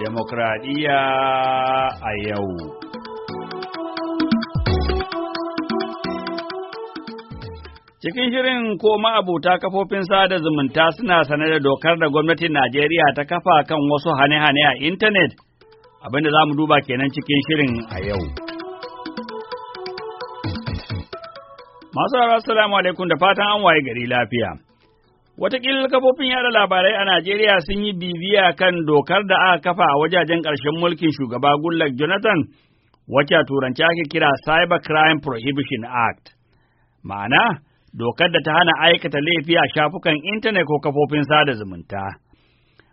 Demokradiyya a yau. Cikin shirin ko ma'abuta kafofin sada zumunta suna sane da dokar da gwamnatin Najeriya ta kafa kan wasu hane-hane a intanet, abinda za mu duba kenan cikin shirin a yau. Masu assalamu alaikum da fatan an waye gari lafiya. Wataƙila kafofin yada labarai a Najeriya sun yi bibiya kan dokar da aka kafa a wajajen ƙarshen mulkin shugaba Goodluck Jonathan, wacce turanci ake kira Cyber Crime Prohibition Act. Ma'ana, dokar da ta hana aikata laifi a shafukan intanet ko kafofin sada zumunta.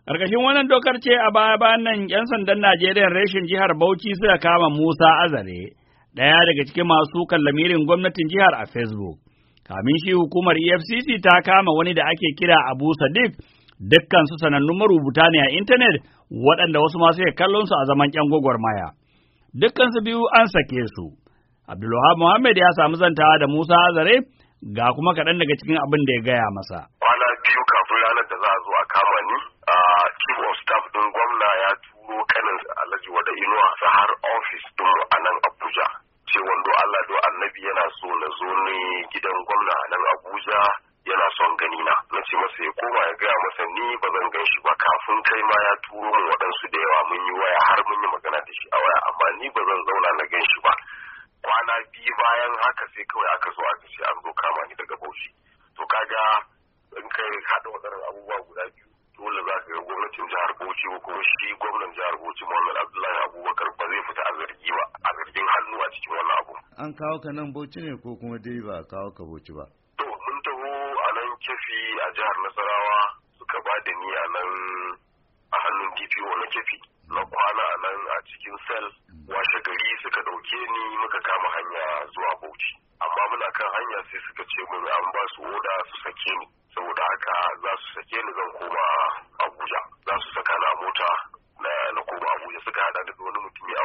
Ƙarƙashin wannan dokar ce a baya bayan nan 'yan sandan Najeriya reshen jihar Bauchi suka kama Musa Azare, ɗaya daga cikin masu kan lamirin gwamnatin jihar a Facebook. Kamin shi hukumar EFCC ta kama wani da ake kira Abu Sadiq dukkan su sanannun marubuta ne a intanet waɗanda wasu masu ya kallon su a zaman ƴan gwagwarmaya. Dukkan su biyu an sake su. Abdulwahab Muhammad ya samu zantawa da Musa Azare ga kuma kaɗan daga cikin abin da ya gaya masa. Kwana biyu kafin ranar da za a zo a kama ni, a chief of staff ɗin gwamna ya turo kanin Alhaji Wada Inuwa har ofis ɗin a nan Abuja. ce wando Allah do annabi yana so na zo ne gidan gwamna nan Abuja yana son gani na na ce masa ya koma ya gaya masa ni ba zan gan ba kafin kai ma ya turo mu waɗansu da yawa mun yi waya har mun yi magana da shi a waya amma ni ba zan zauna na gan ba kwana biyu bayan haka sai kawai aka zo aka ce an zo kama ni daga Bauchi to kaga in kai haɗa waɗannan abubuwa guda biyu dole za ka ga gwamnatin jihar Bauchi ko kuma shi gwamnan jihar Bauchi Muhammad Abdullahi an kawo ka nan bauchi ne ko kuma dai ba kawo ka bauchi ba to mun taho a nan kefi a jihar nasarawa suka ba da ni a nan a hannun dpo na kefi na kwana a nan a cikin sel mm. washe gari suka ɗauke ni muka kama hanya zuwa bauchi amma muna kan hanya sai suka ce mun an ba su oda su sake ni saboda haka za su sake ni zan koma abuja za su saka na mota na koma abuja suka hada da wani mutumi a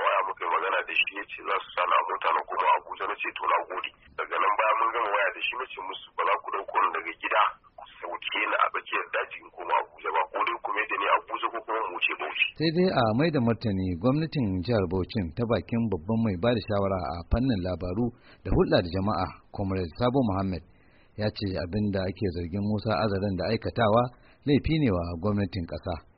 magana da shi ya ce za su sa na mota na kuma abuja na ce to na gode daga nan baya mun gama waya da shi na ce musu ba za ku dauko ni daga gida ku sauke ni a tsakiyar dajin koma abuja ba ko dai kuma yadda ne abuja ko kuma mu ce bauchi. sai dai a mai da martani gwamnatin jihar bauchi ta bakin babban mai ba da shawara a fannin labaru da hulɗa da jama'a comrade sabo muhammad ya ce abin da ake zargin musa azarin da aikatawa laifi ne wa gwamnatin ƙasa.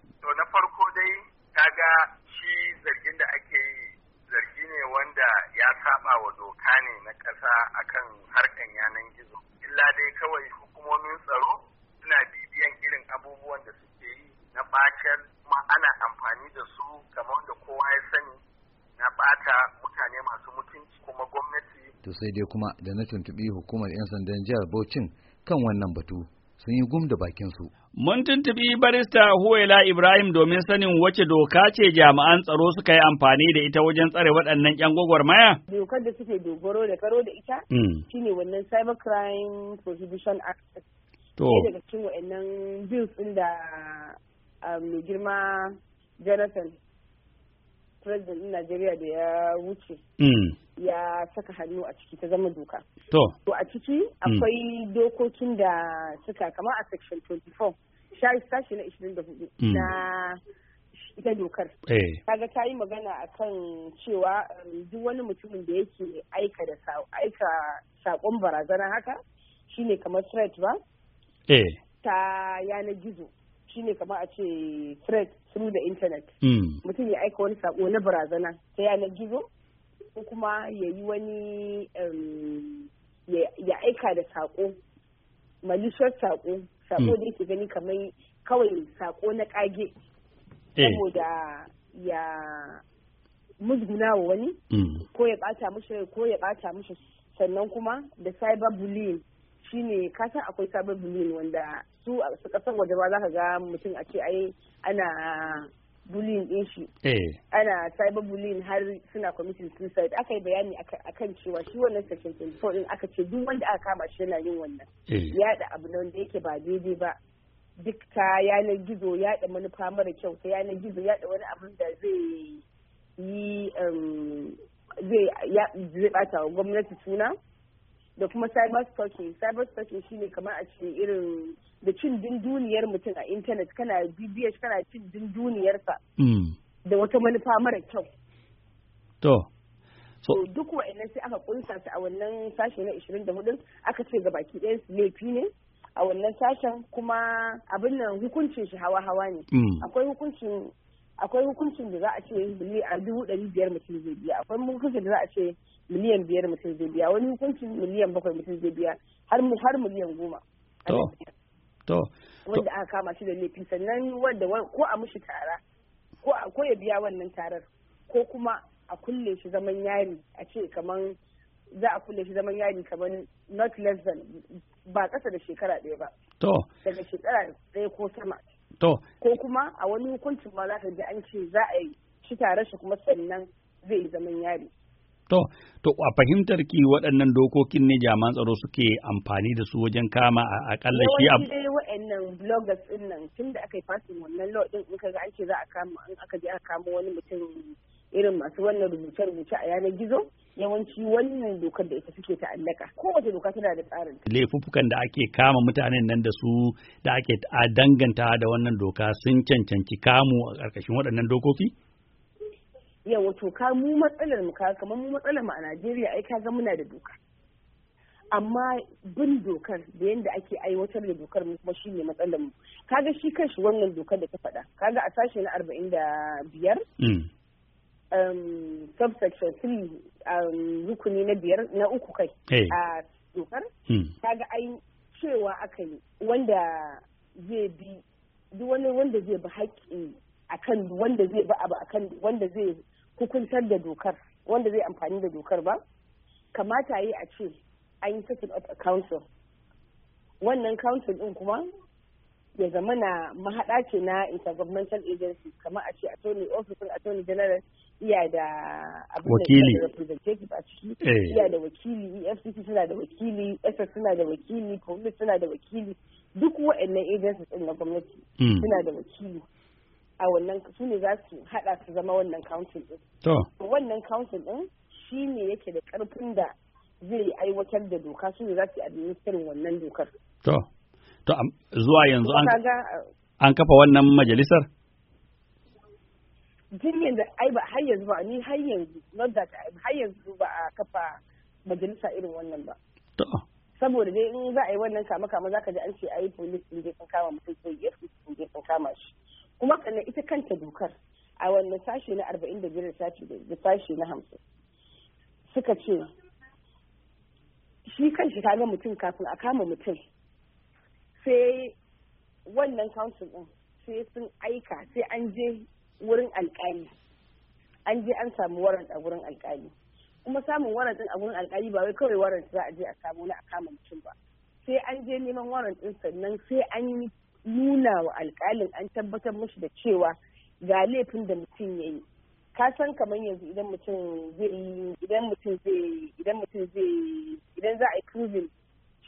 saba wa doka ne na ƙasa akan harkan yanan gizo illa dai kawai hukumomin tsaro suna bibiyan irin abubuwan da suke yi na bacar kuma ana amfani da su kamar da kowa ya sani na bata mutane masu mutunci kuma gwamnati to sai dai kuma da na tuntubi hukumar 'yan sandan jihar Bauchin kan wannan batu sun yi gum da bakin Mun tuntuɓi barista Huwaila Ibrahim domin sanin wace doka ce jami'an tsaro suka yi amfani da ita wajen tsare waɗannan 'yan gwagwarmaya? Dokar da suke dogaro da karo da ita hmm. shine wannan cyber crime Prohibition Act. To. daga cikin waɗannan bills ɗin da um, mai girma Jonathan president Najeriya da ya wuce mm. ya saka hannu a ciki ta zama doka. To a ciki akwai mm. dokokin da suka kama a section 24 sashi na 24 mm. na ita dokar. Ta eh. ga ta yi magana a kan cewa um, duk wani mutumin da yake aika da aika saƙon barazana haka shine kamar threat ba? Eh. Ta yanar gizo. shine kamar a ce thread through the internet hmm. mutum ya aika wani sako na barazana ta yanar gizo ko kuma ya yi wani ya aika da sako malicious sako sako hmm. da yake gani kamar kawai sako na kage eh. saboda ya musguna wa wani hmm. ko ya bata mishi ko ya bata mishi sannan kuma da cyber bullying shine kasan akwai cyber bullying wanda su a kasar waje ba za ka ga mutum a ce ai ana bullying din shi eh. ana cyber bullying har suna committing suicide aka yi bayani a kan cewa shi wannan section 24 din aka ce duk wanda aka kama shi yana yin wannan eh. yada abu nan da yake ba daidai ba duk ta yanar gizo yada manufa mara kyau ta yanar gizo yada wani abin da zai yi um, zai bata gwamnati suna da kuma cyber stalking cyber stalking shine kamar a ce irin da cin dunduniyar mutum a intanet kana bbh kana cin sa. Hmm. da wata manufa mara kyau to so duk wa'annan sai aka kunsa su a wannan sashe na 24 aka ce gabaki ɗaya su laifi ne a wannan sashen kuma abin nan hukuncin shi hawa hawa ne hmm. akwai hukuncin akwai hukuncin da za a ce miliyan dubu ɗari biyar mutum zai biya akwai hukuncin da za a ce miliyan biyar mutum zai biya wani hukuncin miliyan bakwai mutum zai biya har har miliyan goma to to wanda aka kama shi da laifi sannan wanda ko a mushi tara ko ko ya biya wannan tarar ko kuma a kulle shi zaman yari a ce kaman za a kulle shi zaman yari kaman not less than ba kasa da shekara ɗaya ba to daga shekara ɗaya ko sama To. Ko kuma a wani hukuncin ma za ka ji an ce za a yi shi tare shi kuma sannan zai yi zaman yari. To, to a fahimtar ki waɗannan dokokin ne jaman tsaro suke amfani da su wajen kama a akalla shi a Wani waɗannan bloggers din nan tun da aka yi fasin wannan law din in ga an ce za a kama an aka je aka kama wani mutum irin masu wannan rubuce-rubuce a yanar gizo yawanci wannan dokar da ita suke ta ta'allaka kowace doka tana da tsarin laifukan da ake kama mutanen nan da su da ake danganta da wannan doka sun cancanci kamu a ƙarƙashin waɗannan dokoki ya to ka mu matsalar mu ka kamar mu matsalar mu a Najeriya ai ka ga muna da doka amma bin dokar da yanda ake aiwatar da dokar mu kuma shine matsalar mu kaga shi kanshi wannan dokar da ta faɗa kaga a sashe na arba'in da biyar mm. Um, subsection 3 um, rukuni na biyar na uku kai eh. a dokar Ta hmm. ga ai cewa aka yi wanda zai bi duk wani wanda zai bi haƙƙi kan wanda zai bi abu kan wanda zai hukuntar da dokar wanda zai amfani da dokar ba kamata yi a ce an yi setting up a council wannan council din kuma ya zama na mahaɗa ce na intergovernmental agency kamar a ce attorney office attorney general iya da wakili representative a ciki eh. iya da wakili efcc suna da wakili ss suna da wakili police suna da wakili duk waɗannan agencies ɗin na gwamnati hmm. suna da wakili a wannan su ne za su haɗa su zama wannan council ɗin wannan council ɗin shi ne yake da ƙarfin da zai aiwatar da doka su ne za su yi administrin wannan dokar To zuwa yanzu an an kafa wannan majalisar? Jin da ai ba har yanzu ba ni har yanzu not that har yanzu ba a kafa majalisa irin wannan ba. To. Saboda dai in za a yi wannan kama kama za ka ji an ce ai police sun je sun kama mutum ko yes sun je kama shi. Kuma kana ita kanta dokar a wannan sashi na arba'in da biyar sashi da sashi na hamsin suka ce shi kan shi ga mutum kafin a kama mutum sai wannan council din sai sun aika sai an je wurin alkali an je an samu warrant a wurin alkali kuma samun warrant din a wurin alkali ba wai kawai warrant za a je a samu na a kama mutum ba sai an je neman warrant din sannan sai an yi nuna wa alkalin an tabbatar mushi da cewa ga laifin da mutum ya yi ka san kamar yanzu idan mutum zai idan idan za a yi proving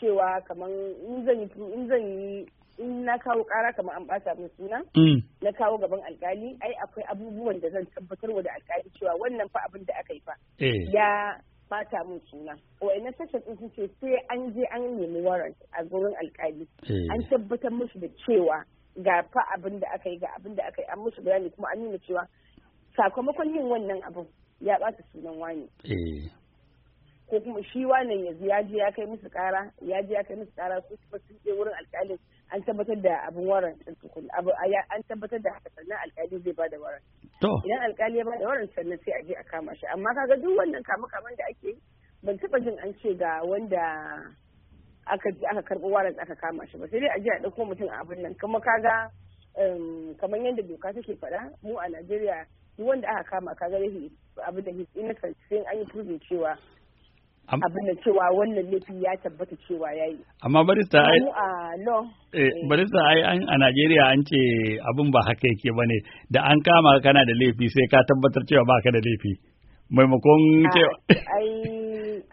cewa kamar in zan yi in zan yi in na kawo kara kamar an bata min suna mm. na kawo gaban alkali ai akwai abubuwan da zan tabbatar wa da alkali cewa wannan fa abin da aka yi fa eh. ya bata min suna ina sashen din sun ce sai an je an nemi warrant a gurin alkali eh. an tabbatar musu da cewa ga fa abin da aka yi ga abin da aka yi an musu bayani kuma an nuna cewa sakamakon yin wannan abin ya bata sunan wani eh. ko kuma shi wannan yanzu ya je ya kai musu kara ya je ya kai musu kara su kuma sun je wurin alƙalin an tabbatar da abin waran abu an tabbatar da haka sannan alkali zai bada waran to idan alkali ya bada waran sannan sai a je a kama shi amma kaga duk wannan kama kaman da ake yi ban taba jin an ce ga wanda aka aka karɓi waran aka kama shi ba sai dai a je a ɗauko mutum a abin nan kuma kaga um, kamar yadda doka take faɗa mu a Najeriya duk wanda aka kama kaga yahi abin da his kan sai an yi proving cewa abin da cewa wannan laifi ya tabbata cewa ya yi. Amma barista ai eh, eh. barista ai a Najeriya an ce abin ba haka yake ba ne da an kama kana da laifi sai ka tabbatar cewa ba ka da laifi. Maimakon cewa.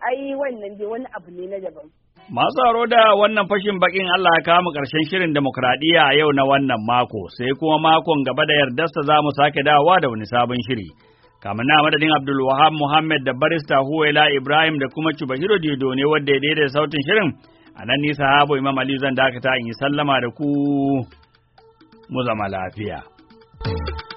Ai wannan dai wani abu ne na daban. Masu haro da wannan fashin bakin Allah ya kama ƙarshen shirin demokradiyya a yau na wannan mako, sai kuma makon gaba da yardasta za mu sake dawa da wani sabon shiri. kamar na madadin Abdul Wahab Muhammad da barista Huwaila Ibrahim da kuma Cubahiro Dido ne wadda ya daidai sautin shirin a nan ni sahabo Imam Ali zan dakata in yi sallama da ku mu zama lafiya. thank you